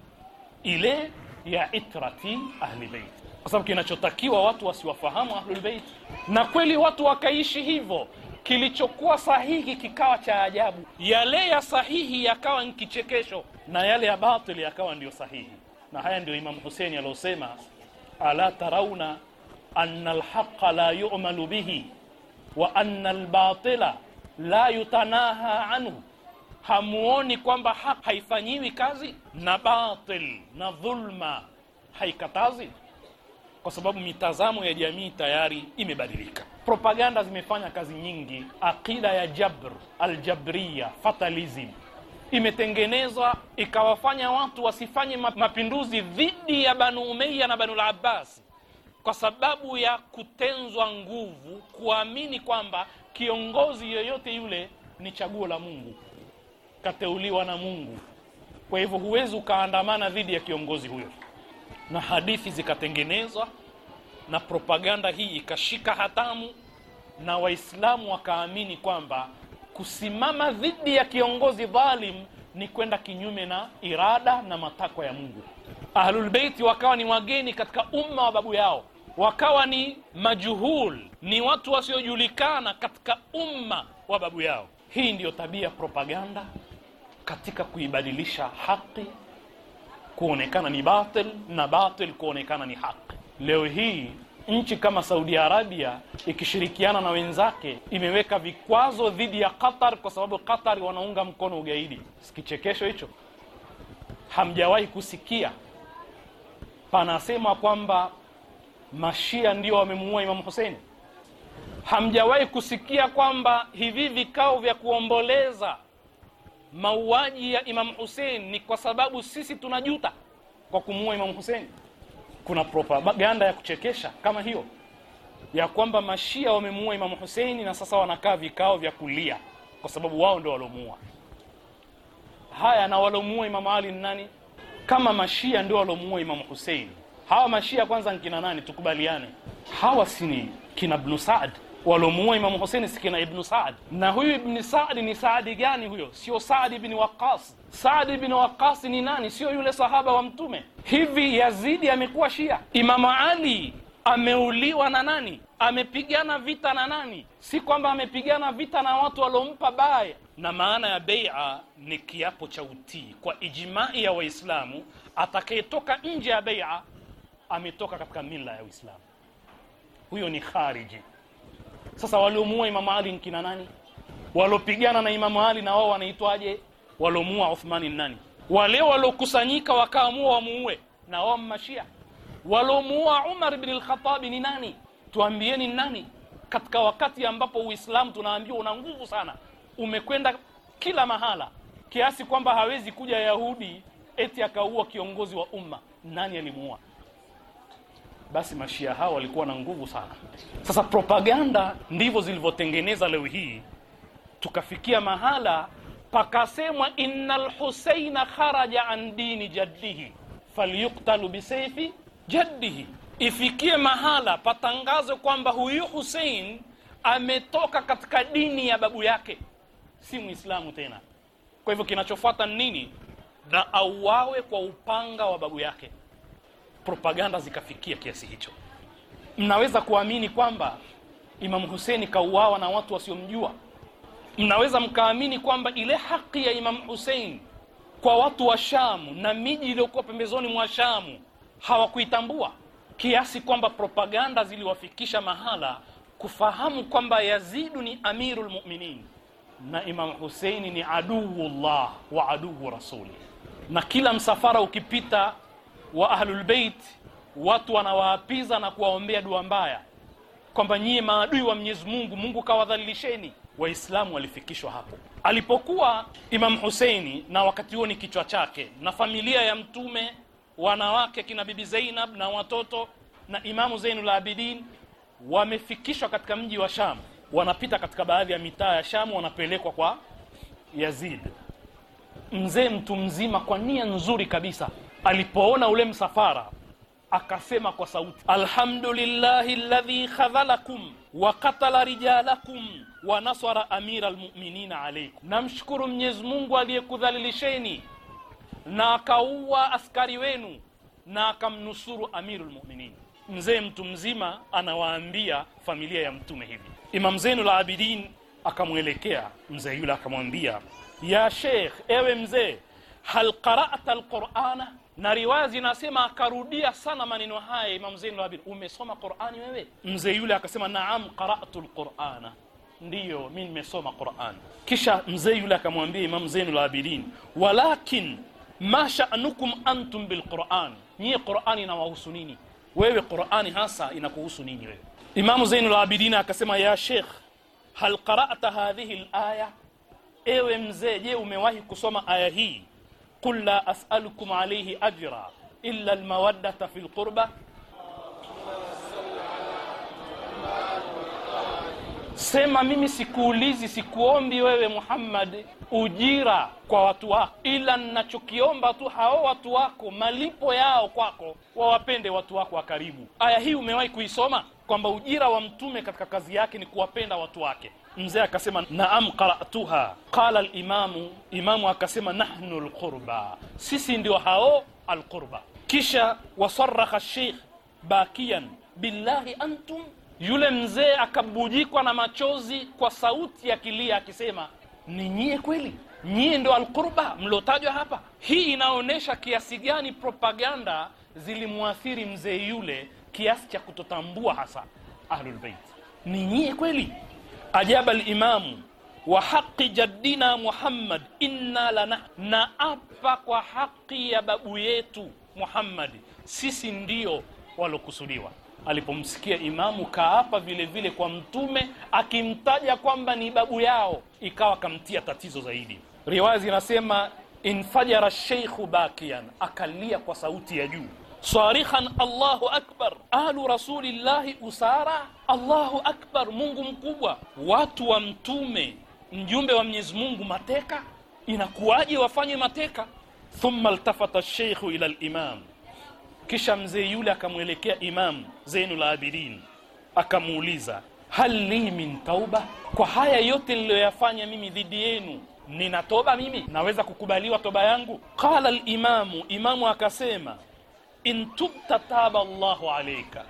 ile ya itrati ahli bait, kwa sababu kinachotakiwa watu wasiwafahamu ahlul bait, na kweli watu wakaishi hivyo. Kilichokuwa sahihi kikawa cha ajabu, yale ya sahihi yakawa ni kichekesho, na yale ya batili yakawa ndiyo sahihi. Na haya ndio Imam Huseini aliyosema, ala tarauna anna alhaqa la yu'malu bihi wa anna albatila la yutanaha anhu hamuoni kwamba ha haifanyiwi kazi na batil na dhulma haikatazi kwa sababu mitazamo ya jamii tayari imebadilika propaganda zimefanya kazi nyingi aqida ya jabr aljabria fatalism imetengenezwa ikawafanya watu wasifanye mapinduzi dhidi ya banu umeya na banu labbas kwa sababu ya kutenzwa nguvu kuamini kwamba kiongozi yoyote yule ni chaguo la mungu kateuliwa na Mungu. Kwa hivyo huwezi ukaandamana dhidi ya kiongozi huyo, na hadithi zikatengenezwa na propaganda hii ikashika hatamu, na Waislamu wakaamini kwamba kusimama dhidi ya kiongozi dhalim ni kwenda kinyume na irada na matakwa ya Mungu. Ahlulbeiti wakawa ni wageni katika umma wa babu yao, wakawa ni majuhul, ni watu wasiojulikana katika umma wa babu yao. Hii ndiyo tabia propaganda katika kuibadilisha haki kuonekana ni batil na batil kuonekana ni haki. Leo hii nchi kama Saudi Arabia ikishirikiana na wenzake imeweka vikwazo dhidi ya Qatar kwa sababu Qatar wanaunga mkono ugaidi. Sikichekesho hicho? Hamjawahi kusikia panasema kwamba mashia ndio wamemuua Imamu Huseini? Hamjawahi kusikia kwamba hivi vikao vya kuomboleza mauaji ya Imam Hussein ni kwa sababu sisi tunajuta kwa kumuua Imam Hussein. Kuna propaganda ya kuchekesha kama hiyo ya kwamba mashia wamemuua Imam Hussein na sasa wanakaa vikao vya kulia kwa sababu wao ndio walomuua. Haya, na walomuua Imam Ali ni nani kama mashia ndio walomuua Imam Hussein? Hawa mashia kwanza nkina nani? Tukubaliane, hawa si ni kina Ibn Saad waliomuua Imamu Hussein sikina Ibn Saad. Na huyu Ibn Saad ni Saadi gani huyo? Sio Saadi ibn Waqas. Saadi ibn Waqas ni nani? Sio yule sahaba wa Mtume. Hivi Yazidi amekuwa Shia? Imamu Ali ameuliwa na nani? Amepigana vita na nani? Si kwamba amepigana vita na watu waliompa baya. Na maana ya beia ni kiapo cha utii kwa ijmai ya Waislamu. Atakayetoka nje ya beia ametoka katika mila ya Uislamu, huyo ni khariji. Sasa waliomuua Imamu Ali ni kina nani? Walopigana na Imamu Ali na wao wanaitwaje? Waliomuua Uthmani ni nani? Wale waliokusanyika wakaamua wamuue na wao Mashia. Waliomuua Umar ibn lkhatabi ni nani? Tuambieni ni nani? Katika wakati ambapo Uislamu tunaambiwa una nguvu sana, umekwenda kila mahala, kiasi kwamba hawezi kuja Yahudi eti akaua kiongozi wa umma. Nani alimuua? basi mashia hao walikuwa na nguvu sana. Sasa propaganda ndivyo zilivyotengeneza leo hii tukafikia mahala pakasemwa, innal husaina kharaja an dini jaddihi falyuktalu bisaifi jaddihi, ifikie mahala patangazwe kwamba huyu Husein ametoka katika dini ya babu yake, si mwislamu tena. Kwa hivyo kinachofuata ni nini? Na auawe kwa upanga wa babu yake propaganda zikafikia kiasi hicho. Mnaweza kuamini kwamba Imam Huseni kauawa na watu wasiomjua. Mnaweza mkaamini kwamba ile haki ya Imam husein kwa watu wa Shamu na miji iliyokuwa pembezoni mwa Shamu hawakuitambua, kiasi kwamba propaganda ziliwafikisha mahala kufahamu kwamba Yazidu ni amiru lmuminin na Imam Huseini ni llah wa aduwu rasuli, na kila msafara ukipita wa ahlulbeit watu wanawaapiza na kuwaombea dua mbaya kwamba nyie maadui wa Mwenyezi Mungu, Mungu kawadhalilisheni. Waislamu walifikishwa hapo alipokuwa Imam Huseini, na wakati huo ni kichwa chake na familia ya Mtume, wanawake kina Bibi Zainab na watoto na Imamu Zainul Abidin wamefikishwa katika mji wa Sham, wanapita katika baadhi ya mitaa ya Sham, wanapelekwa kwa Yazid, mzee mtu mzima, kwa nia nzuri kabisa alipoona ule msafara akasema kwa sauti, alhamdulillahi ladhi khadhalakum wa katala rijalakum wa nasara amira lmuminina alaikum, namshukuru Mwenyezi Mungu aliyekudhalilisheni na akaua askari wenu na akamnusuru amiru lmuminin Mzee mtu mzima anawaambia familia ya mtume hivi. Imam Zainul Abidin akamwelekea mzee yule akamwambia, ya sheikh, ewe mzee hal qara'ta alqur'ana na riwaya zinasema akarudia sana maneno haya Imam Zain al umesoma Qur'ani wewe mzee yule akasema naam qara'tu alqur'ana ndiyo mimi nimesoma Qur'an kisha mzee yule akamwambia Imam Zain al-Abidin walakin ma sha'nukum antum bilqur'an nyie Qur'ani inawahusu nini wewe Qur'ani hasa inakuhusu nini wewe Imam Zain al akasema ya Sheikh hal qara'ta hadhihi al ewe mzee je umewahi kusoma aya hii qul la as'alukum alayhi ajra illa almawaddata fil qurba sema mimi sikuulizi sikuombi wewe Muhammad ujira kwa watu wako, ila ninachokiomba tu hao watu wako malipo yao kwako, wawapende watu wako wa karibu. Aya hii umewahi kuisoma kwamba ujira wa mtume katika kazi yake ni kuwapenda watu wake mzee akasema naam qara'tuha qala limamu imamu akasema nahnu lqurba sisi ndio hao alqurba kisha wasarakha sheikh bakian billahi antum yule mzee akabujikwa na machozi kwa sauti ya kilia akisema ni nyie kweli nyie ndio alqurba mliotajwa hapa hii inaonyesha kiasi gani propaganda zilimwathiri mzee yule kiasi cha kutotambua hasa ahlulbeit ni nyie kweli ajaba al wa haqi jaddina Muhammad inna lana na apa kwa haqi ya babu yetu Muhammad sisi ndio walokusudiwa alipomsikia imamu kaapa vile vile kwa mtume akimtaja kwamba ni babu yao ikawa kamtia tatizo zaidi riwaya zinasema infajara sheikhu bakian akalia kwa sauti ya juu صارخا الله akbar alu رسول الله أسارى الله أكبر Mungu mkubwa watu wa mtume mjumbe wa Mwenyezi Mungu mateka inakuwaje wafanye mateka thumma altafata sheikhu ila al-imam kisha mzee yule akamwelekea imam Zainul Abidin akamuuliza hal li min tauba kwa haya yote niliyoyafanya mimi dhidi yenu nina toba mimi naweza kukubaliwa toba yangu qala al-imamu imamu akasema in tubta taba Allahu alayka,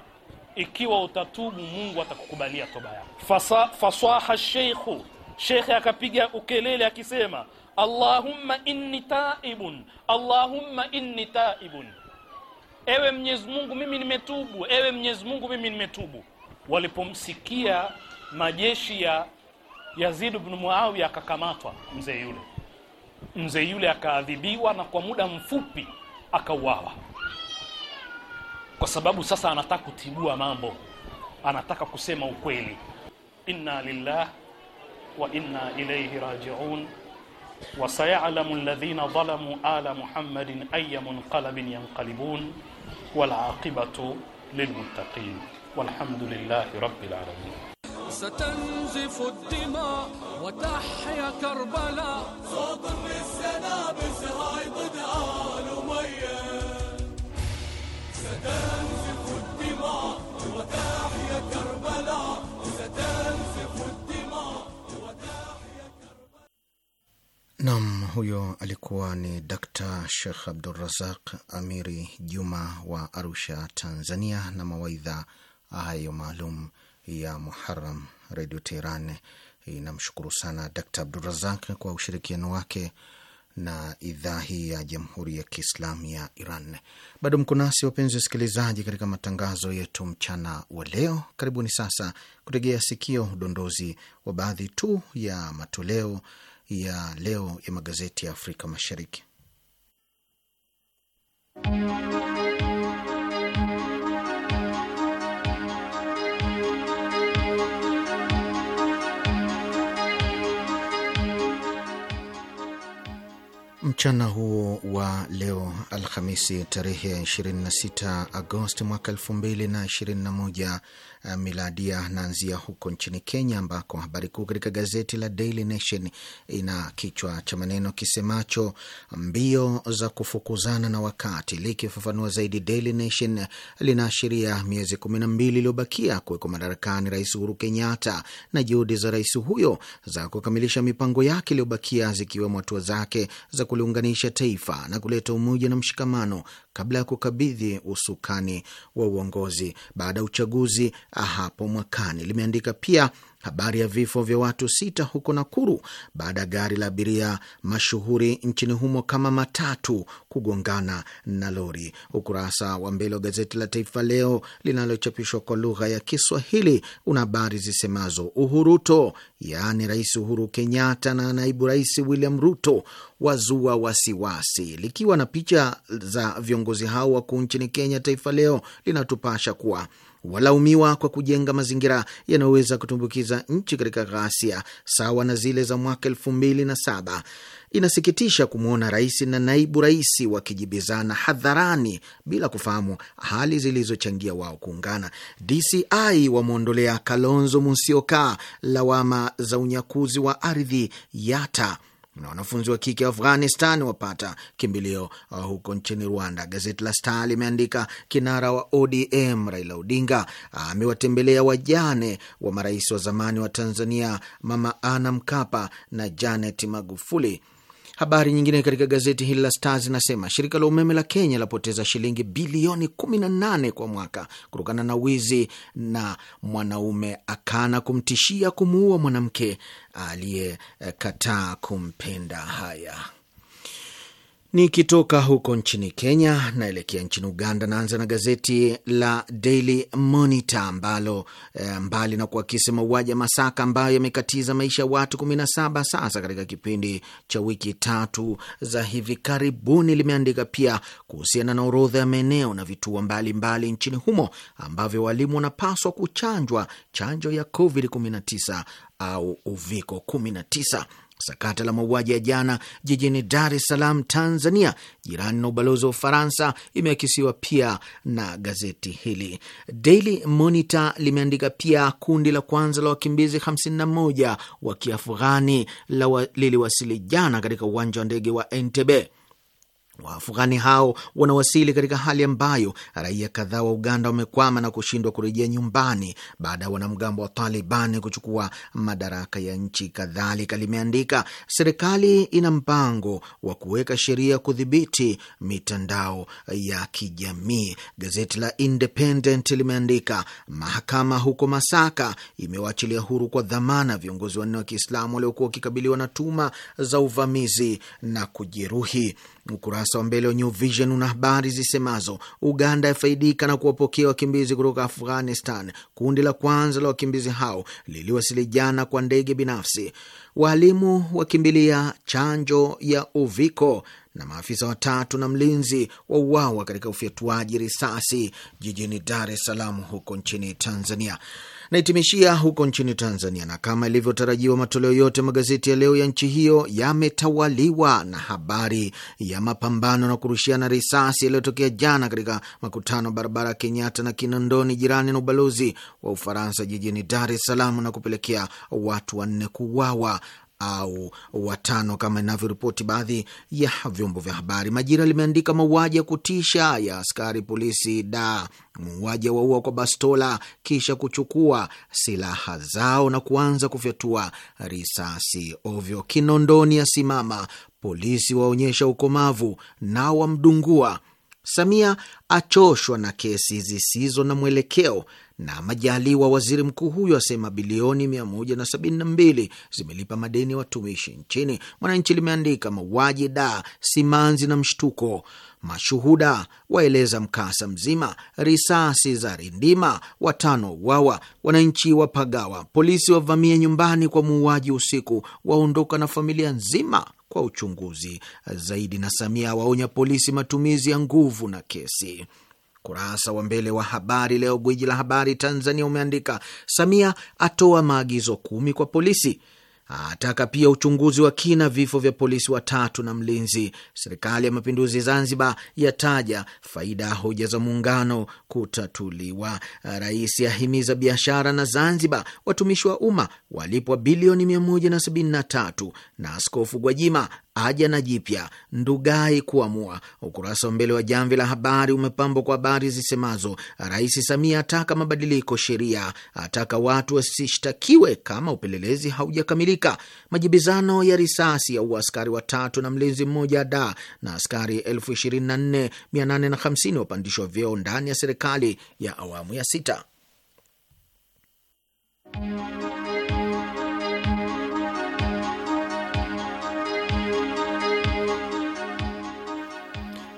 ikiwa utatubu Mungu atakukubalia toba yako. Fasaha sheikhu, shekhe akapiga ukelele akisema, Allahumma inni taibun, Allahumma inni taibun, ewe Mwenyezi Mungu mimi nimetubu, ewe Mwenyezi Mungu mimi nimetubu. Walipomsikia majeshi ya Yazid ibn Muawiya, akakamatwa mzee yule, mzee yule akaadhibiwa, na kwa muda mfupi akauawa kwa sababu sasa anataka kutibua mambo, anataka kusema ukweli. Inna lillah wa inna ilayhi rajiun wa sayalamu alladhina zalamu ala Muhammadin ayya munqalabin yanqalibun wal aqibatu lilmuttaqin walhamdulillahi rabbil alamin. Satanzifu ad-dima wa tahya Karbala sawtan lis-sanabis haydadan Nam, huyo alikuwa ni Dr Shekh Abdurazaq Amiri Juma wa Arusha, Tanzania, na mawaidha hayo maalum ya Muharam. Redio Teheran inamshukuru sana Dr Abdurazaq kwa ushirikiano wake na idhaa hii ya Jamhuri ya Kiislamu ya Iran. Bado mko nasi wapenzi wasikilizaji, katika matangazo yetu mchana wa leo. Karibuni sasa kutegea sikio udondozi wa baadhi tu ya matoleo ya leo ya magazeti ya Afrika Mashariki. mchana huo wa leo Alhamisi tarehe ya 26 Agosti mwaka 2021 eh, miladia, naanzia huko nchini Kenya, ambako habari kuu katika gazeti la Daily Nation ina kichwa cha maneno kisemacho mbio za kufukuzana na wakati. Likifafanua zaidi, Daily Nation linaashiria miezi 12 iliyobakia kuwekwa madarakani Rais Uhuru Kenyatta na juhudi za rais huyo za kukamilisha mipango yake iliyobakia zikiwemo hatua zake za kuliunganisha taifa na kuleta umoja na mshikamano kabla ya kukabidhi usukani wa uongozi baada ya uchaguzi ah, hapo mwakani. Limeandika pia habari ya vifo vya watu sita huko Nakuru baada ya gari la abiria mashuhuri nchini humo kama matatu kugongana na lori. Ukurasa wa mbele wa gazeti la Taifa Leo linalochapishwa kwa lugha ya Kiswahili una habari zisemazo Uhuruto, yaani Rais Uhuru Kenyatta na naibu rais William Ruto wazua wasiwasi, likiwa na picha za viongozi hao wakuu nchini Kenya. Taifa Leo linatupasha kuwa walaumiwa kwa kujenga mazingira yanayoweza kutumbukiza nchi katika ghasia sawa na zile za mwaka elfu mbili na saba. Inasikitisha kumwona rais na naibu rais wakijibizana hadharani bila kufahamu hali zilizochangia wao kuungana. DCI wamwondolea Kalonzo Musyoka lawama za unyakuzi wa ardhi Yata na wanafunzi wa kike wa Afghanistan wapata kimbilio uh, huko nchini Rwanda. Gazeti la Star limeandika kinara wa ODM Raila Odinga uh, amewatembelea wajane wa marais wa zamani wa Tanzania, Mama Ana Mkapa na Janet Magufuli Habari nyingine katika gazeti hili la star zinasema shirika la umeme la Kenya lapoteza shilingi bilioni 18 kwa mwaka kutokana na wizi, na mwanaume akana kumtishia kumuua mwanamke aliyekataa kumpenda. Haya. Nikitoka huko nchini Kenya naelekea nchini Uganda. Naanza na gazeti la Daily Monitor ambalo e, mbali na kuakisi mauaji ya Masaka ambayo yamekatiza maisha ya watu 17 sasa katika kipindi cha wiki tatu za hivi karibuni, limeandika pia kuhusiana na orodha ya maeneo na vituo mbalimbali nchini humo ambavyo walimu wanapaswa kuchanjwa chanjo ya COVID-19 au uviko 19. Sakata la mauaji ya jana jijini Dar es Salaam, Tanzania, jirani na ubalozi wa Ufaransa, imeakisiwa pia na gazeti hili Daily Monitor. Limeandika pia kundi la kwanza la wakimbizi 51 wa Kiafghani liliwasili jana katika uwanja wa ndege wa Entebbe. Waafghani hao wanawasili katika hali ambayo raia kadhaa wa Uganda wamekwama na kushindwa kurejea nyumbani baada ya wanamgambo wa Taliban kuchukua madaraka ya nchi. Kadhalika limeandika serikali ina mpango wa kuweka sheria kudhibiti mitandao ya kijamii. Gazeti la Independent limeandika mahakama huko Masaka imewaachilia huru kwa dhamana viongozi wanne wa Kiislamu waliokuwa wakikabiliwa na tuma za uvamizi na kujeruhi. Ukurasa wa mbele wa New Vision una habari zisemazo Uganda yafaidika na kuwapokea wakimbizi kutoka Afghanistan. Kundi la kwanza la wakimbizi hao liliwasili jana kwa ndege binafsi. Waalimu wakimbilia chanjo ya uviko na maafisa watatu na mlinzi wa uawa katika ufyatuaji risasi jijini Dar es Salaam huko nchini Tanzania. Naitimishia huko nchini Tanzania, na kama ilivyotarajiwa, matoleo yote magazeti ya leo ya nchi hiyo yametawaliwa na habari ya mapambano na kurushiana risasi yaliyotokea jana katika makutano barabara ya Kenyatta na Kinondoni, jirani na ubalozi wa Ufaransa jijini Dar es Salaam, na kupelekea watu wanne kuuawa au watano kama inavyoripoti baadhi ya vyombo vya habari. Majira limeandika mauaji ya kutisha ya askari polisi da muuaji waua kwa bastola kisha kuchukua silaha zao na kuanza kufyatua risasi ovyo. Kinondoni asimama, polisi waonyesha ukomavu na wamdungua Samia achoshwa na kesi zisizo na mwelekeo na Majaliwa, waziri mkuu huyo asema bilioni 172 zimelipa madeni watumishi nchini. Mwananchi limeandika mauaji da simanzi na mshtuko, mashuhuda waeleza mkasa mzima, risasi za rindima, watano wawa, wananchi wapagawa, polisi wavamia nyumbani kwa muuaji usiku, waondoka na familia nzima kwa uchunguzi zaidi, na Samia awaonya polisi matumizi ya nguvu na kesi. Kurasa wa mbele wa Habari Leo, gwiji la habari Tanzania, umeandika Samia atoa maagizo kumi kwa polisi ataka pia uchunguzi wa kina vifo vya polisi watatu na mlinzi. Serikali ya Mapinduzi Zanzibar yataja faida ya hoja za muungano kutatuliwa. Rais ahimiza biashara na Zanzibar. Watumishi wa umma walipwa bilioni 173 na Askofu Gwajima aja na jipya Ndugai kuamua. Ukurasa wa mbele wa Jamvi la Habari umepambwa kwa habari zisemazo: Rais Samia ataka mabadiliko sheria, ataka watu wasishtakiwe kama upelelezi haujakamilika. Majibizano ya risasi ya yaua askari watatu na mlinzi mmoja da, na askari 24850 wapandishwa vyeo ndani ya serikali ya awamu ya sita.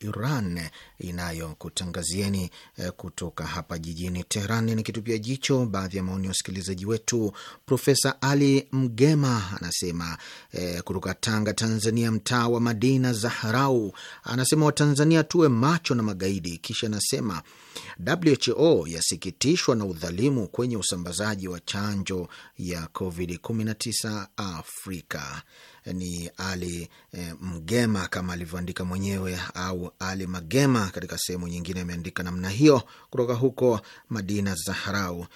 Iran inayokutangazieni eh, kutoka hapa jijini Teheran. Nikitupia jicho baadhi ya maoni ya wasikilizaji wetu, Profesa Ali Mgema anasema eh, kutoka Tanga, Tanzania, mtaa wa Madina Zaharau, anasema Watanzania tuwe macho na magaidi. Kisha anasema WHO yasikitishwa na udhalimu kwenye usambazaji wa chanjo ya COVID-19 Afrika ni Ali e, Mgema kama alivyoandika mwenyewe au Ali Magema. Katika sehemu nyingine ameandika namna hiyo kutoka huko Madina Zaharau,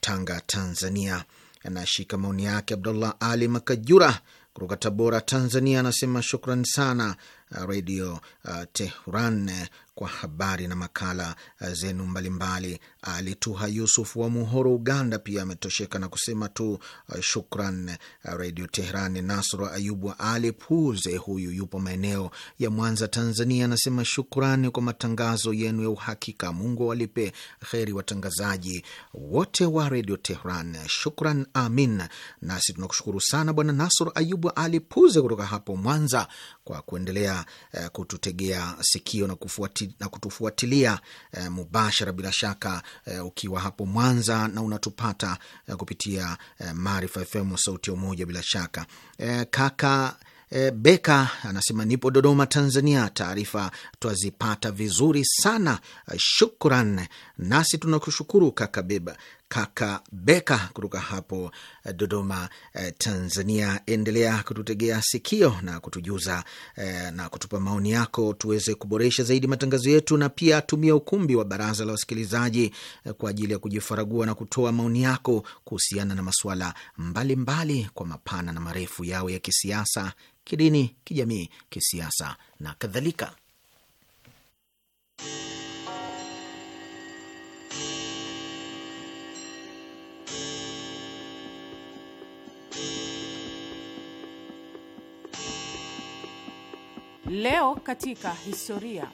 Tanga, Tanzania. Anashika maoni yake Abdullah Ali Makajura kutoka Tabora, Tanzania, anasema shukran sana Uh, Redio uh, Tehran uh, kwa habari na makala zenu mbalimbali. Alituha Yusuf wa Muhoro, Uganda, pia ametosheka na kusema tu shukran Redio Tehran. Nasra Ayubu wa Ali Puze, huyu yupo maeneo ya Mwanza, Tanzania, anasema shukrani kwa matangazo yenu ya uhakika. Mungu walipe kheri watangazaji wote wa Redio Tehran. Shukran, amin. Nasi tunakushukuru sana Bwana Nasr Ayubu wa Ali Puze kutoka hapo Mwanza kwa kuendelea eh, kututegea sikio na, kufuati, na kutufuatilia eh, mubashara bila shaka eh, ukiwa hapo Mwanza na unatupata eh, kupitia eh, Maarifa FM sauti ya Umoja bila shaka eh, kaka eh, Beka anasema nipo Dodoma, Tanzania. Taarifa twazipata vizuri sana, eh, shukran. Nasi tunakushukuru kaka Beba, Beka kutoka hapo eh, Dodoma, eh, Tanzania. Endelea kututegea sikio na kutujuza eh, na kutupa maoni yako tuweze kuboresha zaidi matangazo yetu, na pia tumia ukumbi wa baraza la wasikilizaji kwa ajili ya kujifaragua na kutoa maoni yako kuhusiana na masuala mbalimbali mbali, kwa mapana na marefu, yao ya kisiasa, kidini, kijamii, kisiasa na kadhalika. Leo katika historia.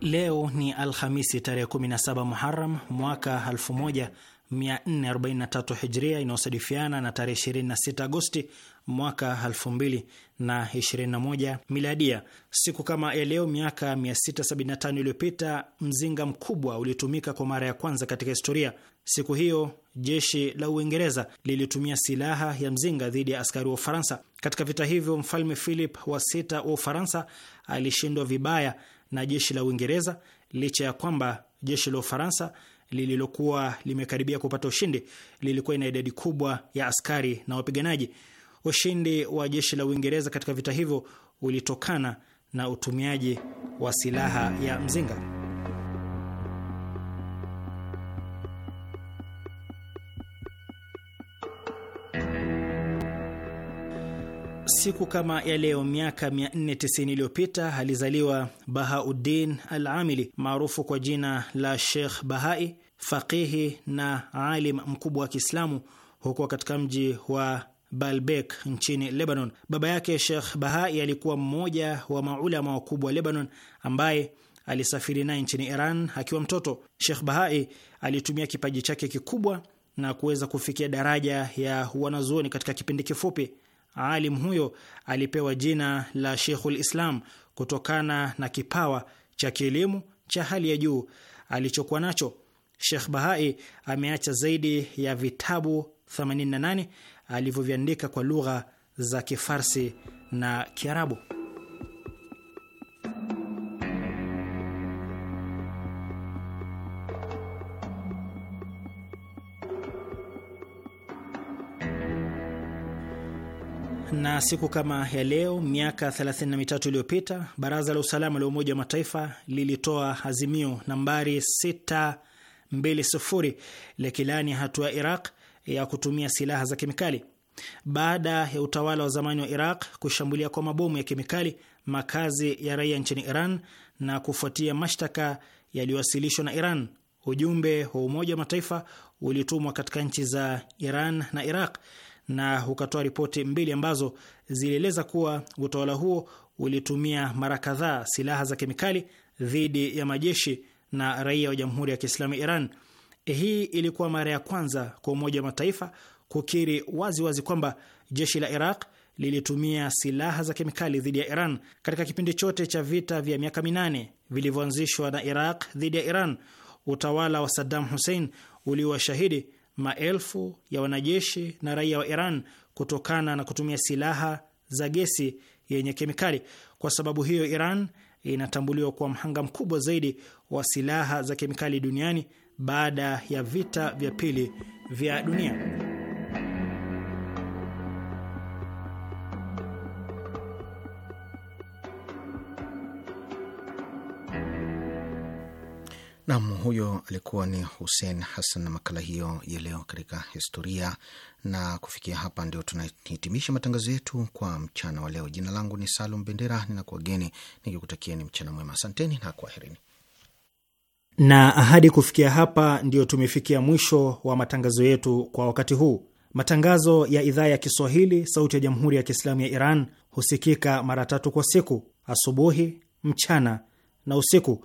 Leo ni Alhamisi tarehe 17 Muharam mwaka 1443 Hijria, inayosadifiana na tarehe 26 Agosti mwaka 2021 Miladia. Siku kama ya leo miaka 675 iliyopita, mzinga mkubwa ulitumika kwa mara ya kwanza katika historia. Siku hiyo jeshi la Uingereza lilitumia silaha ya mzinga dhidi ya askari wa Ufaransa. Katika vita hivyo, mfalme Philip wa sita wa Ufaransa alishindwa vibaya na jeshi la Uingereza, licha ya kwamba jeshi la Ufaransa lililokuwa limekaribia kupata ushindi lilikuwa ina idadi kubwa ya askari na wapiganaji. Ushindi wa jeshi la Uingereza katika vita hivyo ulitokana na utumiaji wa silaha ya mzinga. Siku kama ya leo miaka 490 iliyopita alizaliwa Bahauddin al-Amili maarufu kwa jina la Sheikh Bahai, faqihi na alim mkubwa wa Kiislamu huko katika mji wa Baalbek nchini Lebanon. Baba yake Sheikh Bahai alikuwa mmoja wa maulama wakubwa wa Lebanon ambaye alisafiri naye nchini Iran akiwa mtoto. Sheikh Bahai alitumia kipaji chake kikubwa na kuweza kufikia daraja ya wanazuoni katika kipindi kifupi. Alim huyo alipewa jina la Sheikhul Islam kutokana na kipawa cha kielimu cha hali ya juu alichokuwa nacho. Sheikh Bahai ameacha zaidi ya vitabu 88 alivyoviandika kwa lugha za Kifarsi na Kiarabu. Na siku kama ya leo miaka 33 iliyopita Baraza la Usalama la Umoja wa Mataifa lilitoa azimio nambari 620 likilaani hatua ya Iraq ya kutumia silaha za kemikali baada ya utawala wa zamani wa Iraq kushambulia kwa mabomu ya kemikali makazi ya raia nchini Iran na kufuatia mashtaka yaliyowasilishwa na Iran. Ujumbe wa Umoja wa Mataifa ulitumwa katika nchi za Iran na Iraq na ukatoa ripoti mbili ambazo zilieleza kuwa utawala huo ulitumia mara kadhaa silaha za kemikali dhidi ya majeshi na raia wa Jamhuri ya Kiislamu Iran. Hii ilikuwa mara ya kwanza kwa Umoja wa Mataifa kukiri waziwazi wazi kwamba jeshi la Iraq lilitumia silaha za kemikali dhidi ya Iran katika kipindi chote cha vita vya miaka minane vilivyoanzishwa na Iraq dhidi ya Iran. Utawala wa Saddam Hussein uliwashahidi maelfu ya wanajeshi na raia wa Iran kutokana na kutumia silaha za gesi yenye kemikali. Kwa sababu hiyo, Iran inatambuliwa kuwa mhanga mkubwa zaidi wa silaha za kemikali duniani baada ya vita vya pili vya dunia. Nam, huyo alikuwa ni Hussein Hassan na makala hiyo ya leo katika historia. Na kufikia hapa, ndio tunahitimisha matangazo yetu kwa mchana wa leo. Jina langu ni Salum Bendera, nikikutakia ni mchana mwema. Asanteni na kwaherini na ahadi. Kufikia hapa, ndio tumefikia mwisho wa matangazo yetu kwa wakati huu. Matangazo ya idhaa ya Kiswahili, Sauti ya Jamhuri ya Kiislamu ya Iran husikika mara tatu kwa siku: asubuhi, mchana na usiku